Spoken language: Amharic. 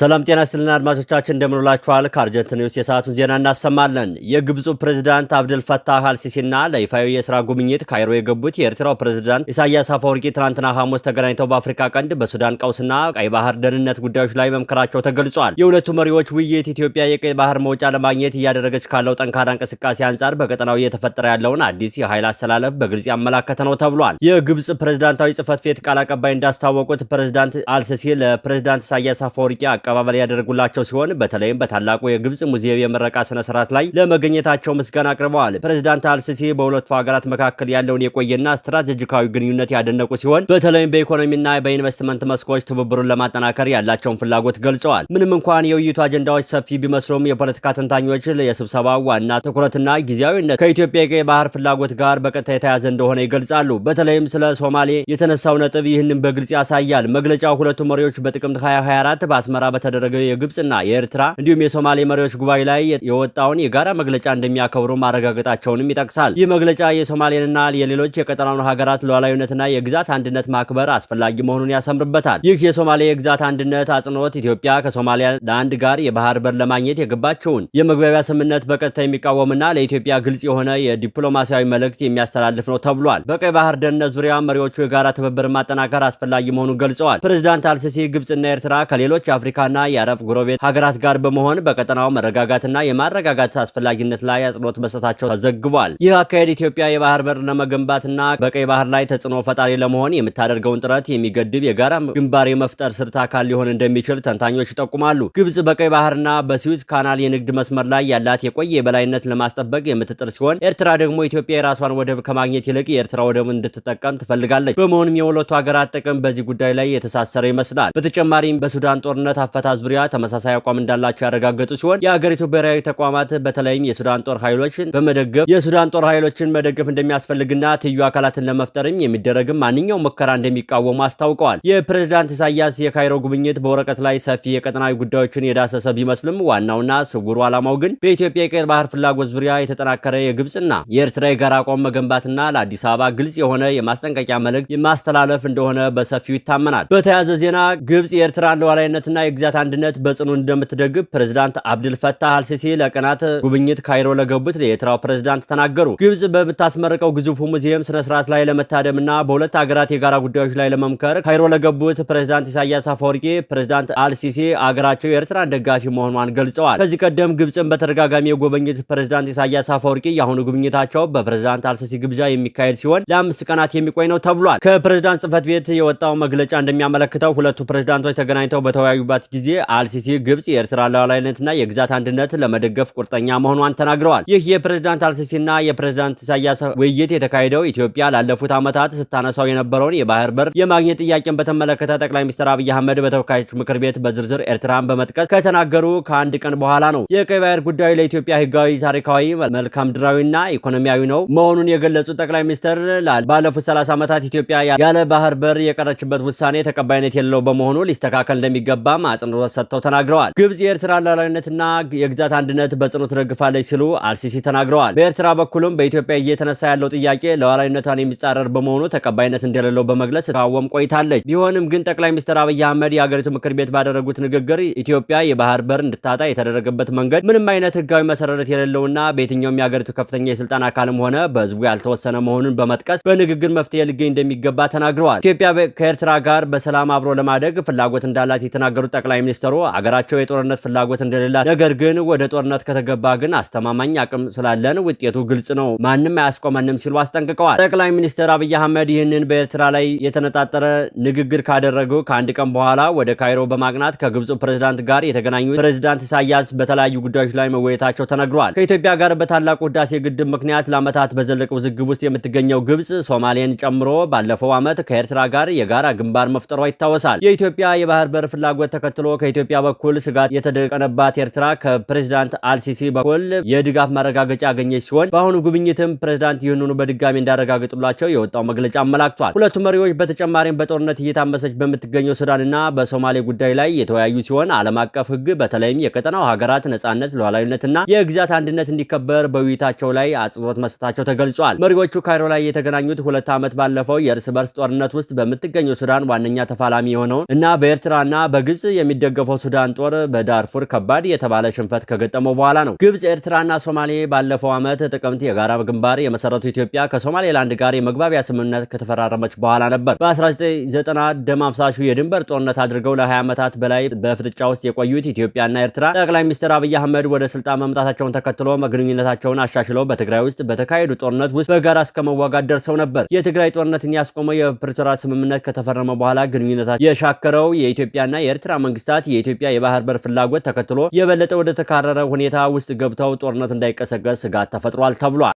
ሰላም ጤና ስልና አድማጮቻችን እንደምንላችኋል። ከአርጀንት ኒውስ የሰዓቱን ዜና እናሰማለን። የግብፁ ፕሬዚዳንት አብደል ፈታህ አልሲሲና ለይፋዊ የስራ ጉብኝት ካይሮ የገቡት የኤርትራው ፕሬዚዳንት ኢሳያስ አፈወርቂ ትናንትና ሐሙስ ተገናኝተው በአፍሪካ ቀንድ በሱዳን ቀውስና ቀይ ባህር ደህንነት ጉዳዮች ላይ መምከራቸው ተገልጿል። የሁለቱ መሪዎች ውይይት ኢትዮጵያ የቀይ ባህር መውጫ ለማግኘት እያደረገች ካለው ጠንካራ እንቅስቃሴ አንጻር በቀጠናው እየተፈጠረ ያለውን አዲስ የኃይል አስተላለፍ በግልጽ ያመላከተ ነው ተብሏል። የግብፅ ፕሬዚዳንታዊ ጽህፈት ቤት ቃል አቀባይ እንዳስታወቁት ፕሬዚዳንት አልሲሲ ለፕሬዚዳንት ኢሳያስ አፈወርቂ አቀባበል ያደረጉላቸው ሲሆን በተለይም በታላቁ የግብጽ ሙዚየም የምረቃ ስነ ስርዓት ላይ ለመገኘታቸው ምስጋና አቅርበዋል። ፕሬዚዳንት አልሲሲ በሁለቱ ሀገራት መካከል ያለውን የቆየና ስትራቴጂካዊ ግንኙነት ያደነቁ ሲሆን በተለይም በኢኮኖሚና በኢንቨስትመንት መስኮች ትብብሩን ለማጠናከር ያላቸውን ፍላጎት ገልጸዋል። ምንም እንኳን የውይይቱ አጀንዳዎች ሰፊ ቢመስሉም የፖለቲካ ተንታኞች የስብሰባው ዋና ትኩረትና ጊዜያዊነት ከኢትዮጵያ የቀይ ባህር ፍላጎት ጋር በቀጥታ የተያዘ እንደሆነ ይገልጻሉ። በተለይም ስለ ሶማሌ የተነሳው ነጥብ ይህንን በግልጽ ያሳያል። መግለጫው ሁለቱ መሪዎች በጥቅምት 2024 በአስመራ በተደረገው የግብፅና የኤርትራ እንዲሁም የሶማሌ መሪዎች ጉባኤ ላይ የወጣውን የጋራ መግለጫ እንደሚያከብሩ ማረጋገጣቸውንም ይጠቅሳል። ይህ መግለጫ የሶማሌንና የሌሎች የቀጠናውን ሀገራት ሉዓላዊነትና የግዛት አንድነት ማክበር አስፈላጊ መሆኑን ያሰምርበታል። ይህ የሶማሌ የግዛት አንድነት አጽንኦት ኢትዮጵያ ከሶማሊያ ለአንድ ጋር የባህር በር ለማግኘት የገባቸውን የመግባቢያ ስምምነት በቀጥታ የሚቃወምና ለኢትዮጵያ ግልጽ የሆነ የዲፕሎማሲያዊ መልእክት የሚያስተላልፍ ነው ተብሏል። በቀይ ባህር ደህንነት ዙሪያ መሪዎቹ የጋራ ትብብር ማጠናከር አስፈላጊ መሆኑን ገልጸዋል። ፕሬዚዳንት አልሲሲ ግብፅና ኤርትራ ከሌሎች አፍሪካ ከአሜሪካና የአረብ ጎረቤት ሀገራት ጋር በመሆን በቀጠናው መረጋጋትና የማረጋጋት አስፈላጊነት ላይ አጽንኦት መስጠታቸው ተዘግቧል። ይህ አካሄድ ኢትዮጵያ የባህር በር ለመገንባትና በቀይ ባህር ላይ ተጽዕኖ ፈጣሪ ለመሆን የምታደርገውን ጥረት የሚገድብ የጋራ ግንባር የመፍጠር ስርት አካል ሊሆን እንደሚችል ተንታኞች ይጠቁማሉ። ግብጽ በቀይ ባህርና በስዊዝ ካናል የንግድ መስመር ላይ ያላት የቆየ የበላይነት ለማስጠበቅ የምትጥር ሲሆን፣ ኤርትራ ደግሞ ኢትዮጵያ የራሷን ወደብ ከማግኘት ይልቅ የኤርትራ ወደብ እንድትጠቀም ትፈልጋለች። በመሆኑም የሁለቱ ሀገራት ጥቅም በዚህ ጉዳይ ላይ የተሳሰረ ይመስላል። በተጨማሪም በሱዳን ጦርነት አፈታት ዙሪያ ተመሳሳይ አቋም እንዳላቸው ያረጋገጡ ሲሆን የሀገሪቱ ብሔራዊ ተቋማት በተለይም የሱዳን ጦር ኃይሎችን በመደገፍ የሱዳን ጦር ኃይሎችን መደገፍ እንደሚያስፈልግና ትዩ አካላትን ለመፍጠርም የሚደረግም ማንኛውም ሙከራ እንደሚቃወሙ አስታውቀዋል። የፕሬዝዳንት ኢሳያስ የካይሮ ጉብኝት በወረቀት ላይ ሰፊ የቀጠናዊ ጉዳዮችን የዳሰሰ ቢመስልም ዋናውና ስውሩ ዓላማው ግን በኢትዮጵያ የቀይ ባህር ፍላጎት ዙሪያ የተጠናከረ የግብፅና የኤርትራ የጋራ አቋም መገንባትና ለአዲስ አበባ ግልጽ የሆነ የማስጠንቀቂያ መልእክት ማስተላለፍ እንደሆነ በሰፊው ይታመናል። በተያያዘ ዜና ግብጽ የኤርትራን ሉዓላዊነትና የጊዜያት አንድነት በጽኑ እንደምትደግፍ ፕሬዚዳንት አብድልፈታህ አልሲሲ ለቀናት ጉብኝት ካይሮ ለገቡት የኤርትራው ፕሬዚዳንት ተናገሩ። ግብጽ በምታስመርቀው ግዙፉ ሙዚየም ስነስርዓት ላይ ላይ ለመታደምና በሁለት ሀገራት የጋራ ጉዳዮች ላይ ለመምከር ካይሮ ለገቡት ፕሬዚዳንት ኢሳያስ አፈወርቂ ፕሬዚዳንት አልሲሲ አገራቸው የኤርትራን ደጋፊ መሆኗን ገልጸዋል። ከዚህ ቀደም ግብጽን በተደጋጋሚ የጎበኝት ፕሬዚዳንት ኢሳያስ አፈወርቂ የአሁኑ ጉብኝታቸው በፕሬዚዳንት አልሲሲ ግብዣ የሚካሄድ ሲሆን ለአምስት ቀናት የሚቆይ ነው ተብሏል። ከፕሬዚዳንት ጽህፈት ቤት የወጣው መግለጫ እንደሚያመለክተው ሁለቱ ፕሬዚዳንቶች ተገናኝተው በተወያዩባት ጊዜ አልሲሲ ግብጽ የኤርትራ ሉዓላዊነትና የግዛት አንድነት ለመደገፍ ቁርጠኛ መሆኗን ተናግረዋል። ይህ የፕሬዝዳንት አልሲሲና የፕሬዝዳንት ኢሳያስ ውይይት የተካሄደው ኢትዮጵያ ላለፉት ዓመታት ስታነሳው የነበረውን የባህር በር የማግኘት ጥያቄን በተመለከተ ጠቅላይ ሚኒስትር አብይ አህመድ በተወካዮች ምክር ቤት በዝርዝር ኤርትራን በመጥቀስ ከተናገሩ ከአንድ ቀን በኋላ ነው። የቀይ ባህር ጉዳዩ ለኢትዮጵያ ህጋዊ፣ ታሪካዊ፣ መልክዓ ምድራዊና ኢኮኖሚያዊ ነው መሆኑን የገለጹት ጠቅላይ ሚኒስትር ባለፉት 30 ዓመታት ኢትዮጵያ ያለ ባህር በር የቀረችበት ውሳኔ ተቀባይነት የሌለው በመሆኑ ሊስተካከል እንደሚገባም አጽንዖት ሰጥተው ተናግረዋል። ግብጽ የኤርትራ ሉዓላዊነትና የግዛት አንድነት በጽኑ ትደግፋለች ሲሉ አልሲሲ ተናግረዋል። በኤርትራ በኩልም በኢትዮጵያ እየተነሳ ያለው ጥያቄ ሉዓላዊነቷን የሚጻረር በመሆኑ ተቀባይነት እንደሌለው በመግለጽ ስትቃወም ቆይታለች። ቢሆንም ግን ጠቅላይ ሚኒስትር አብይ አህመድ የሀገሪቱ ምክር ቤት ባደረጉት ንግግር ኢትዮጵያ የባህር በር እንድታጣ የተደረገበት መንገድ ምንም አይነት ህጋዊ መሰረት የሌለውና በየትኛውም የሀገሪቱ ከፍተኛ የስልጣን አካልም ሆነ በህዝቡ ያልተወሰነ መሆኑን በመጥቀስ በንግግር መፍትሄ ልገኝ እንደሚገባ ተናግረዋል። ኢትዮጵያ ከኤርትራ ጋር በሰላም አብሮ ለማደግ ፍላጎት እንዳላት የተናገሩት ጠቅላይ ሚኒስትሩ አገራቸው የጦርነት ፍላጎት እንደሌላት፣ ነገር ግን ወደ ጦርነት ከተገባ ግን አስተማማኝ አቅም ስላለን ውጤቱ ግልጽ ነው፣ ማንም አያስቆመንም ሲሉ አስጠንቅቀዋል። ጠቅላይ ሚኒስትር አብይ አህመድ ይህንን በኤርትራ ላይ የተነጣጠረ ንግግር ካደረጉ ከአንድ ቀን በኋላ ወደ ካይሮ በማቅናት ከግብፁ ፕሬዝዳንት ጋር የተገናኙ ፕሬዝዳንት ኢሳያስ በተለያዩ ጉዳዮች ላይ መወየታቸው ተነግሯል። ከኢትዮጵያ ጋር በታላቁ ህዳሴ ግድብ ምክንያት ለዓመታት በዘለቀ ውዝግብ ውስጥ የምትገኘው ግብፅ ሶማሌን ጨምሮ ባለፈው ዓመት ከኤርትራ ጋር የጋራ ግንባር መፍጠሯ ይታወሳል። የኢትዮጵያ የባህር በር ፍላጎት ተከትሎ ተከትሎ ከኢትዮጵያ በኩል ስጋት የተደቀነባት ኤርትራ ከፕሬዚዳንት አልሲሲ በኩል የድጋፍ ማረጋገጫ ያገኘች ሲሆን በአሁኑ ጉብኝትም ፕሬዚዳንት ይህንኑ በድጋሚ እንዳረጋግጡላቸው የወጣው መግለጫ አመላክቷል። ሁለቱ መሪዎች በተጨማሪም በጦርነት እየታመሰች በምትገኘው ሱዳንና በሶማሌ ጉዳይ ላይ የተወያዩ ሲሆን ዓለም አቀፍ ሕግ በተለይም የቀጠናው ሀገራት ነጻነት፣ ሉዓላዊነትና የግዛት አንድነት እንዲከበር በውይይታቸው ላይ አጽንኦት መስጠታቸው ተገልጿል። መሪዎቹ ካይሮ ላይ የተገናኙት ሁለት ዓመት ባለፈው የእርስ በርስ ጦርነት ውስጥ በምትገኘው ሱዳን ዋነኛ ተፋላሚ የሆነውን እና በኤርትራና በግብጽ የሚደገፈው ሱዳን ጦር በዳርፉር ከባድ የተባለ ሽንፈት ከገጠመው በኋላ ነው። ግብጽ፣ ኤርትራና ሶማሌ ባለፈው ዓመት ጥቅምት የጋራ ግንባር የመሰረቱ ኢትዮጵያ ከሶማሌላንድ ጋር የመግባቢያ ስምምነት ከተፈራረመች በኋላ ነበር። በ1990 ደም አፍሳሹ የድንበር ጦርነት አድርገው ለ20 ዓመታት በላይ በፍጥጫ ውስጥ የቆዩት ኢትዮጵያና ኤርትራ ጠቅላይ ሚኒስትር አብይ አህመድ ወደ ስልጣን መምጣታቸውን ተከትሎ ግንኙነታቸውን አሻሽለው በትግራይ ውስጥ በተካሄዱ ጦርነት ውስጥ በጋራ እስከመዋጋት ደርሰው ነበር። የትግራይ ጦርነትን ያስቆመው የፕሪቶሪያ ስምምነት ከተፈረመ በኋላ ግንኙነታቸው የሻከረው የኢትዮጵያና የኤርትራ መንግስታት የኢትዮጵያ የባህር በር ፍላጎት ተከትሎ የበለጠ ወደ ተካረረ ሁኔታ ውስጥ ገብተው ጦርነት እንዳይቀሰቀስ ስጋት ተፈጥሯል ተብሏል።